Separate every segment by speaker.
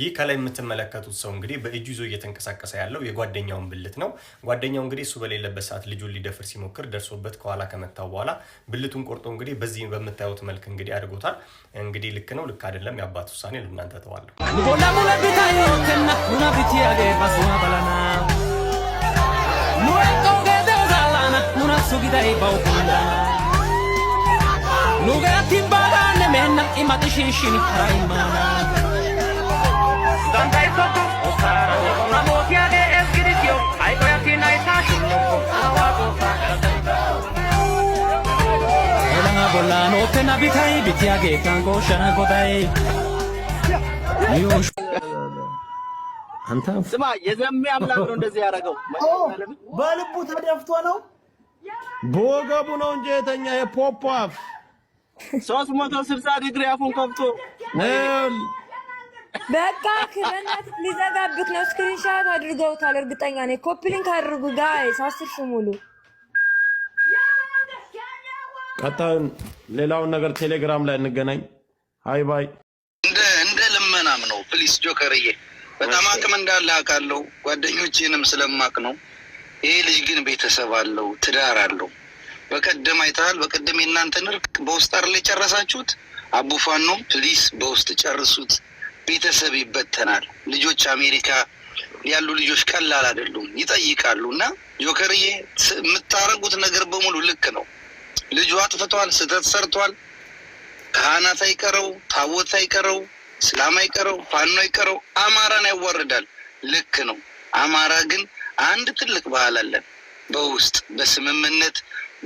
Speaker 1: ይህ ከላይ የምትመለከቱት ሰው እንግዲህ በእጁ ይዞ እየተንቀሳቀሰ ያለው የጓደኛውን ብልት ነው። ጓደኛው እንግዲህ እሱ በሌለበት ሰዓት ልጁን ሊደፍር ሲሞክር ደርሶበት ከኋላ ከመታው በኋላ ብልቱን ቆርጦ እንግዲህ በዚህ በምታዩት መልክ እንግዲህ አድርጎታል። እንግዲህ ልክ ነው ልክ አይደለም፣ የአባት ውሳኔ ለእናንተ ተዋለሁ።
Speaker 2: Don't die so too Osara Una mofia de es grisio Ay voy a sin ay sa Shunyoko Awago Elanga bola no te nabitai Bitiage tango shanago dai Yush
Speaker 3: አንተ
Speaker 4: ስማ፣ የዘሜ አምላክ ነው እንደዚህ ያደረገው።
Speaker 5: በልቡ ተደፍቶ ነው
Speaker 6: በወገቡ ነው እንጂ የተኛ የፖፖፍ
Speaker 7: ሶስት መቶ ስልሳ ዲግሪ አፉን ከፍቶ
Speaker 8: በቃ ክረናት ሊዘጋብክ ነው። ስክሪንሻት አድርገውታል እርግጠኛ ነኝ። ኮፒሊንክ አድርጉ ጋይስ፣ አስር ሺህ ሙሉ።
Speaker 6: ቀጣዩን ሌላውን ነገር ቴሌግራም ላይ እንገናኝ። ሀይ ባይ።
Speaker 9: እንደ ልመናም ነው። ፕሊስ ጆከርዬ፣ በጣም አቅም እንዳለ አውቃለሁ። ጓደኞቼንም ስለማቅ ነው። ይሄ ልጅ ግን ቤተሰብ አለው፣ ትዳር አለው። በቀደም አይተሃል። በቀደም የእናንተን እርቅ በውስጥ አር ላይ ጨረሳችሁት። አቡፋን ነው ፕሊስ፣ በውስጥ ጨርሱት። ቤተሰብ ይበተናል። ልጆች አሜሪካ ያሉ ልጆች ቀላል አይደሉም፣ ይጠይቃሉ። እና ጆከርዬ የምታረጉት ነገር በሙሉ ልክ ነው። ልጁ አጥፍቷል፣ ስህተት ሰርቷል። ካህናት አይቀረው፣ ታቦት አይቀረው፣ እስላም አይቀረው፣ ፋኖ አይቀረው፣ አማራን ያዋርዳል። ልክ ነው። አማራ ግን አንድ ትልቅ ባህል አለን። በውስጥ በስምምነት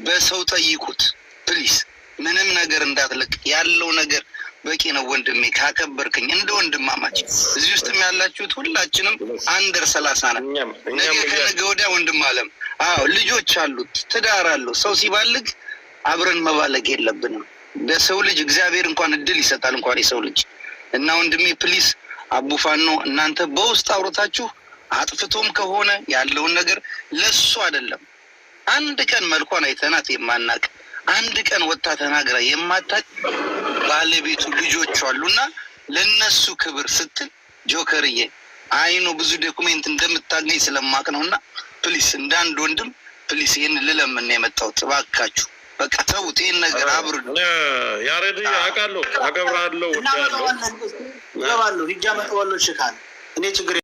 Speaker 9: በሰው ጠይቁት ፕሊስ። ምንም ነገር እንዳትለቅ ያለው ነገር በቂ ነው ወንድሜ፣ ካከበርክኝ እንደ ወንድማማች እዚህ ውስጥም ያላችሁት ሁላችንም አንደር ሰላሳ ነን። ነገ ከነገ ወዲያ ወንድም አለም አዎ፣ ልጆች አሉት፣ ትዳር አለው። ሰው ሲባልግ አብረን መባለግ የለብንም። ለሰው ልጅ እግዚአብሔር እንኳን እድል ይሰጣል እንኳን የሰው ልጅ እና ወንድሜ ፕሊስ አቡፋኖ እናንተ በውስጥ አውርታችሁ አጥፍቶም ከሆነ ያለውን ነገር ለሱ አይደለም አንድ ቀን መልኳን አይተናት የማናቅ አንድ ቀን ወጥታ ተናግራ የማታቅ ባለቤቱ ልጆቹ አሉና ለነሱ ክብር ስትል ጆከርዬ አይኑ ብዙ ዶኩሜንት እንደምታገኝ ስለማቅ ነው እና ፕሊስ እንደ አንድ ወንድም ፕሊስ ይህን ልለምና የመጣሁት እባካችሁ በቃ ተውት ይህን ነገር አብር
Speaker 10: ያሬድ አውቃለሁ አገብራለሁ
Speaker 11: እገባለሁ ሂጃ መጠዋለሁ ሽካል እኔ ችግር